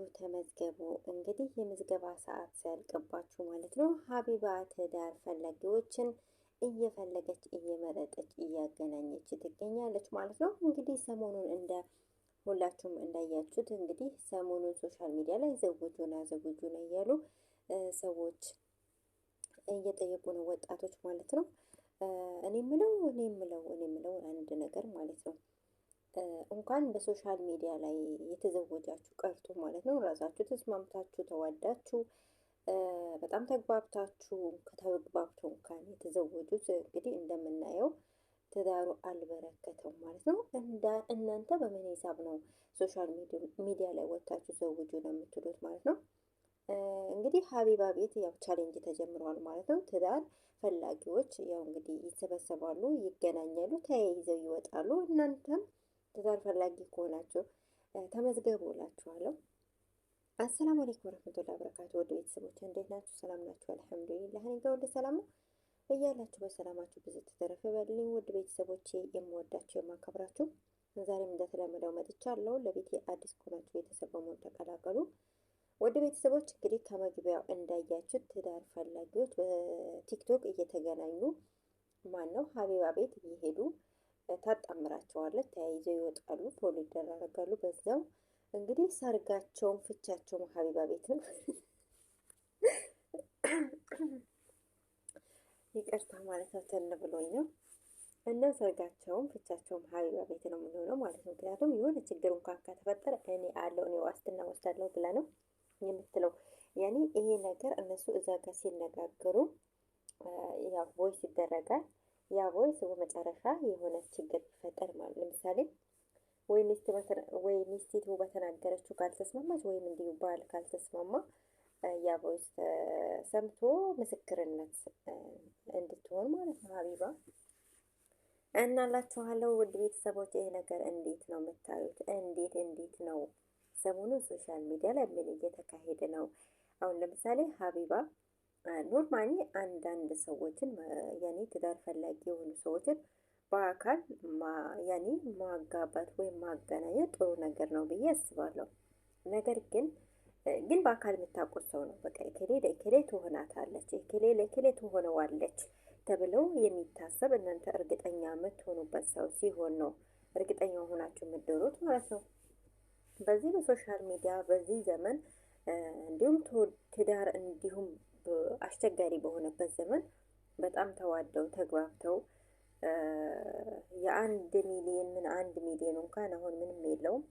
ብላችሁ ተመዝገቡ። እንግዲህ የምዝገባ ሰዓት ሲያልቅባችሁ ማለት ነው። ሀቢባ ትዳር ፈላጊዎችን እየፈለገች እየመረጠች እያገናኘች ትገኛለች ማለት ነው። እንግዲህ ሰሞኑን እንደ ሁላችሁም እንዳያችሁት እንግዲህ ሰሞኑን ሶሻል ሚዲያ ላይ ዘውጁና ዘውጁና እያሉ ሰዎች እየጠየቁ ነው፣ ወጣቶች ማለት ነው። እኔ ምለው እኔ ምለው እኔ ምለው አንድ ነገር ማለት ነው እንኳን በሶሻል ሚዲያ ላይ የተዘወጃችሁ ቀርቶ ማለት ነው ራሳችሁ ተስማምታችሁ ተዋዳችሁ በጣም ተግባብታችሁ ከተግባብተው እንኳን የተዘወጁት እንግዲህ እንደምናየው ትዳሩ አልበረከተው ማለት ነው። እናንተ በምን ሂሳብ ነው ሶሻል ሚዲያ ላይ ወጥታችሁ ዘውጁ ነው የምትሉት ማለት ነው። እንግዲህ ሀቢባ ቤት ያው ቻሌንጅ ተጀምረዋል ማለት ነው። ትዳር ፈላጊዎች ያው እንግዲህ ይሰበሰባሉ፣ ይገናኛሉ፣ ተያይዘው ይወጣሉ። እናንተም ትዳር ፈላጊ ከሆናችሁ ተመዝገቡ እላችኋለሁ። አሰላሙ አለይኩም ወረህመቱላሂ ወበረካቱ። ወደ ቤተሰቦች እንዴት ናችሁ? ሰላም ናችሁ? አልሐምዱሊላህ እኔ ጋር ሁሉ ሰላም ነው። እያላችሁ በሰላማችሁ ብዙ ተተረፈ በልኝ። ውድ ቤተሰቦቼ የምወዳችሁ የማከብራችሁ፣ ዛሬም እንደተለመደው መጥቻለሁ። ለቤት አዲስ ከሆናችሁ ቤተሰብ በመሆን ተቀላቀሉ። ውድ ቤተሰቦች እንግዲህ ከመግቢያው እንዳያችሁ ትዳር ፈላጊዎች በቲክቶክ እየተገናኙ ማን ነው ሀቢባ ቤት እየሄዱ ታጣምራቸዋለች። ተያይዘው ይወጣሉ፣ ፎሎ ይደራረጋሉ። በዛው እንግዲህ ሰርጋቸውን ፍቻቸውን ሀቢባ ቤት ነው። ይቅርታ ማለት ነው ትን ብሎኝ ነው። እና ሰርጋቸውም ፍቻቸውም ሀቢባ ቤት ነው የምንሆነው ማለት ነው። ምክንያቱም የሆነ ችግር እንኳን ከተፈጠረ እኔ አለው እኔ ዋስትና ወስዳለሁ ብላ ነው የምትለው። ያኔ ይሄ ነገር እነሱ እዛ ጋር ሲነጋገሩ ያው ቮይስ ይደረጋል ያ ቮይስ በመጨረሻ የሆነ ችግር ይፈጠር ማለት ለምሳሌ ወይ ሚስቲቱ በተናገረችው ካልተስማማች ወይም እንዲሁ ባል ካልተስማማ ያ ቮይስ ሰምቶ ምስክርነት እንድትሆን ማለት ነው። ሀቢባ እናላችኋለሁ ውድ ቤተሰቦች፣ ይህ ነገር እንዴት ነው የምታዩት? እንዴት እንዴት ነው ሰሞኑን ሶሻል ሚዲያ ላይ ምን እየተካሄደ ነው? አሁን ለምሳሌ ሀቢባ ኖርማሊ አንዳንድ ሰዎችን ያኔ ትዳር ፈላጊ የሆኑ ሰዎችን በአካል ያኔ ማጋባት ወይም ማገናኘት ጥሩ ነገር ነው ብዬ አስባለሁ። ነገር ግን ግን በአካል የምታውቁት ሰው ነው። በቃ እከሌ ለእከሌ ትሆናታለች፣ እከሌ ለእከሌ ትሆነዋለች ተብለው የሚታሰብ እናንተ እርግጠኛ የምትሆኑበት ሰው ሲሆን ነው እርግጠኛ ሆናችሁ የምትደሩት ማለት ነው። በዚህ በሶሻል ሚዲያ በዚህ ዘመን እንዲሁም ትዳር እንዲሁም አስቸጋሪ በሆነበት ዘመን በጣም ተዋደው ተግባብተው የአንድ ሚሊየን ምን አንድ ሚሊዮን እንኳን አሁን ምንም የለውም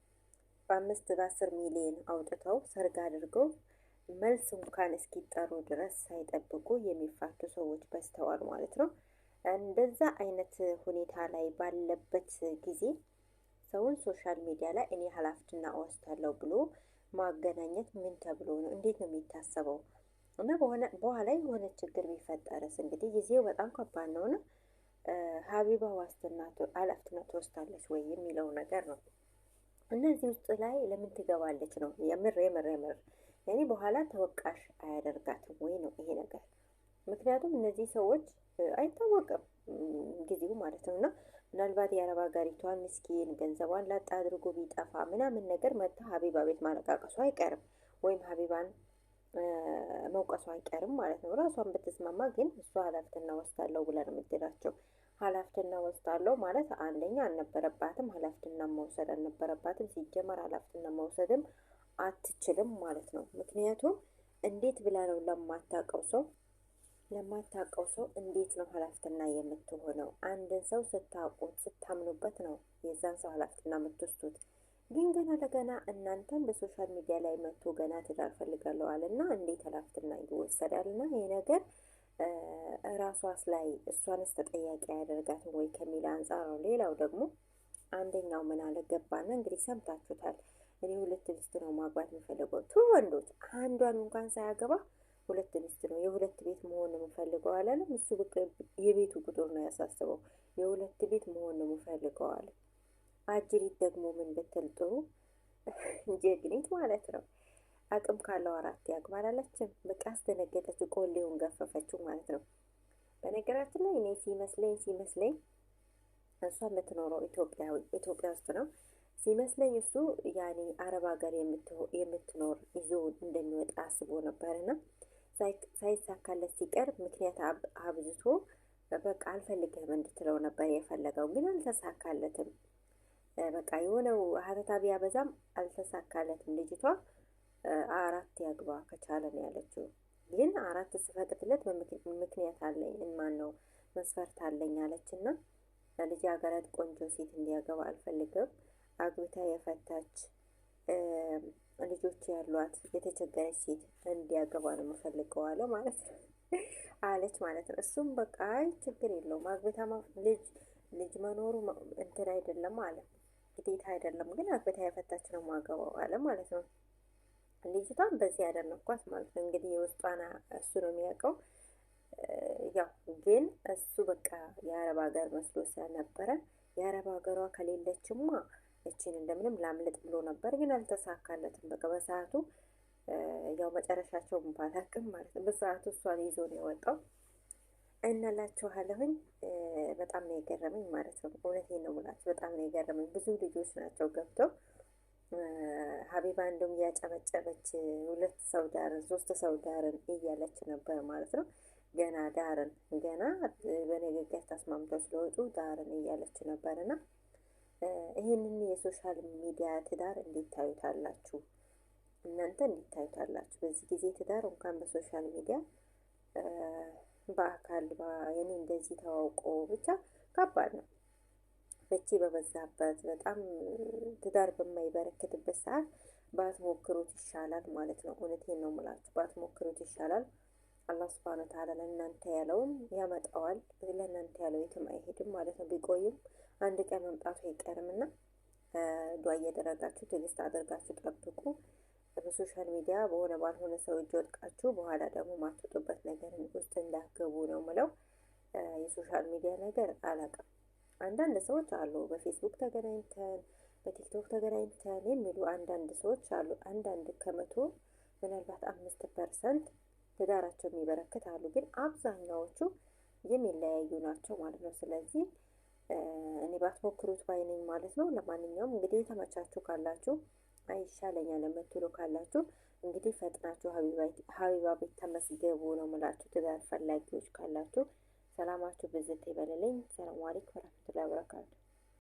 በአምስት በአስር ሚሊዮን አውጥተው ሰርግ አድርገው መልስ እንኳን እስኪጠሩ ድረስ ሳይጠብቁ የሚፋቱ ሰዎች በዝተዋል ማለት ነው። እንደዛ አይነት ሁኔታ ላይ ባለበት ጊዜ ሰውን ሶሻል ሚዲያ ላይ እኔ ኃላፊነት እወስዳለሁ ብሎ ማገናኘት ምን ተብሎ ነው? እንዴት ነው የሚታሰበው? እና በኋላ የሆነ ችግር ቢፈጠርስ እንግዲህ ጊዜው በጣም ከባድ ነውና ሀቢባ ዋስትና ኃላፊነት ትወስዳለች ወይ የሚለው ነገር ነው። እነዚህ ውስጥ ላይ ለምን ትገባለች ነው የምር የምር የምር ያኔ በኋላ ተወቃሽ አያደርጋትም ወይ ነው ይሄ ነገር። ምክንያቱም እነዚህ ሰዎች አይታወቅም ጊዜው ማለት ነው እና ምናልባት የአረብ ሀገሪቷን ምስኪን ገንዘቧን ላጣ አድርጎ ቢጠፋ ምናምን ነገር መታ ሀቢባ ቤት ማለቃቀሱ አይቀርም ወይም ሀቢባን መውቀሱ አይቀርም ማለት ነው። ራሷን ብትስማማ ግን እሷ ኃላፊትና ወስዳለሁ ብላ ነው የምትሄዳቸው። ኃላፊትና ወስዳለሁ ማለት አንደኛ አልነበረባትም፣ ኃላፊትና መውሰድ አልነበረባትም። ሲጀመር ኃላፊትና መውሰድም አትችልም ማለት ነው። ምክንያቱም እንዴት ብላ ነው ለማታውቀው ሰው ለማታውቀው ሰው እንዴት ነው ኃላፊትና የምትሆነው? አንድን ሰው ስታውቁት ስታምኑበት ነው የዛን ሰው ኃላፊትና የምትወስዱት። ግን ገና ለገና እናንተን በሶሻል ሚዲያ ላይ መጥቶ ገና ትዳር ፈልጋለሁ አለና እንዴት ይወሰዳል ይወሰዳልና ይህ ነገር ራሷስ ላይ እሷንስ ተጠያቂ ያደርጋትን ወይ ከሚል አንጻር ነው። ሌላው ደግሞ አንደኛው ምን አለ ገባና እንግዲህ ሰምታችሁታል። እኔ ሁለት ሚስት ነው ማግባት የምፈልገው ቱ ወንዶች አንዷን እንኳን ሳያገባ ሁለት ሚስት ነው የሁለት ቤት መሆን ነው የምፈልገው አላለም። እሱ የቤቱ ቁጥር ነው ያሳስበው። የሁለት ቤት መሆን ነው የምፈልገው አለ። አጅሪት ደግሞ ምን ብትል ጥሩ ጀግኒት ማለት ነው። አቅም ካለው አራት ያግባል አለችም። በቃ አስደነገጠች፣ ቆሌውን ገፈፈችው ማለት ነው። በነገራችን ላይ እኔ ሲመስለኝ ሲመስለኝ እሷ የምትኖረው ኢትዮጵያ ውስጥ ነው ሲመስለኝ እሱ ያኔ አረብ ሀገር የምትኖር ይዞ እንደሚወጣ አስቦ ነበርና ሳይሳካለት ሲቀር ምክንያት አብዝቶ በቃ አልፈልግህም እንድትለው ነበር የፈለገው፣ ግን አልተሳካለትም። በቃ የሆነው ሀተታ ቢያበዛም አልተሳካለትም። ልጅቷ አራት ያግባ ከቻለ ነው ያለችው። ግን አራት ስፈቅድለት ምክንያት አለኝ እማን ነው መስፈርት አለኝ አለችና ልጃገረድ ቆንጆ ሴት እንዲያገባ አልፈልግም። አግብታ የፈታች ልጆች ያሏት የተቸገረች ሴት እንዲያገባ ነው የምፈልገው ማለት ነው አለች ማለት ነው። እሱም በቃ አይ ችግር የለውም አግብታ ልጅ ልጅ መኖሩ እንትን አይደለም አለ። ግዴታ አይደለም፣ ግን አግብታ ያፈታች ነው ማገባው አለ ማለት ነው። ልጅቷን በዚህ ያደነኳት ማለት ነው። እንግዲህ የውስጧን እሱ ነው የሚያውቀው። ያው ግን እሱ በቃ የአረብ ሀገር መስሎ ስለነበረ የአረብ ሀገሯ ከሌለችማ እችን እንደምንም ላምልጥ ብሎ ነበር፣ ግን አልተሳካለትም። በቃ በሰዓቱ ያው መጨረሻቸው ባላቅም ማለት ነው። በሰዓቱ እሷን ይዞ ነው የወጣው። እንላችኋለሁኝ። በጣም ነው የገረመኝ ማለት ነው። እውነቴን ነው የምላችሁ፣ በጣም ነው የገረመኝ። ብዙ ልጆች ናቸው ገብተው ሀቢባ እንደውም እያጨበጨበች ሁለት ሰው ዳርን ሶስት ሰው ዳርን እያለች ነበር ማለት ነው። ገና ዳርን ገና በንግግር ተስማምተው ስለወጡ ዳርን እያለች ነበር እና ይህንን የሶሻል ሚዲያ ትዳር እንዴት ታዩታላችሁ? እናንተ እንዴት ታዩታላችሁ? በዚህ ጊዜ ትዳር እንኳን በሶሻል ሚዲያ በአካል እኔ እንደዚህ ተዋውቆ ብቻ ከባድ ነው። ፍቺ በበዛበት በጣም ትዳር በማይበረክትበት ሰዓት ባትሞክሩት ይሻላል ማለት ነው። እውነቴን ነው የምላችሁ፣ ባትሞክሩት ይሻላል። አላህ ስብሃነ ወተዓላ ለእናንተ ያለውን ያመጣዋል። ለእናንተ ያለው የትም አይሄድም ማለት ነው። ቢቆይም አንድ ቀን መምጣቱ አይቀርምና ዱዓ እያደረጋችሁ ትዕግስት አድርጋችሁ ጠብቁ። በሶሻል ሚዲያ በሆነ ባልሆነ ሰው እጅ ወድቃችሁ በኋላ ደግሞ ማትወጡበት ነገር ውስጥ እንዳገቡ ነው ምለው። የሶሻል ሚዲያ ነገር አላውቅም። አንዳንድ ሰዎች አሉ በፌስቡክ ተገናኝተን በቲክቶክ ተገናኝተን የሚሉ አንዳንድ ሰዎች አሉ። አንዳንድ ከመቶ ምናልባት አምስት ፐርሰንት ትዳራቸው የሚበረክት አሉ። ግን አብዛኛዎቹ የሚለያዩ ናቸው ማለት ነው። ስለዚህ እኔ ባትሞክሩት ባይነኝ ማለት ነው። ለማንኛውም እንግዲህ የተመቻችሁ ካላችሁ ይሻለኛል የምትሉ ካላችሁ እንግዲህ ፈጥናችሁ ሀቢባ ቤት ተመስገቡ ነው ምላችሁ። ትዳር ፈላጊዎች ካላችሁ ሰላማችሁ ብዝት ይበልልኝ። ሰላም አለይኩም ወረህመቱላሂ ወበረካቱ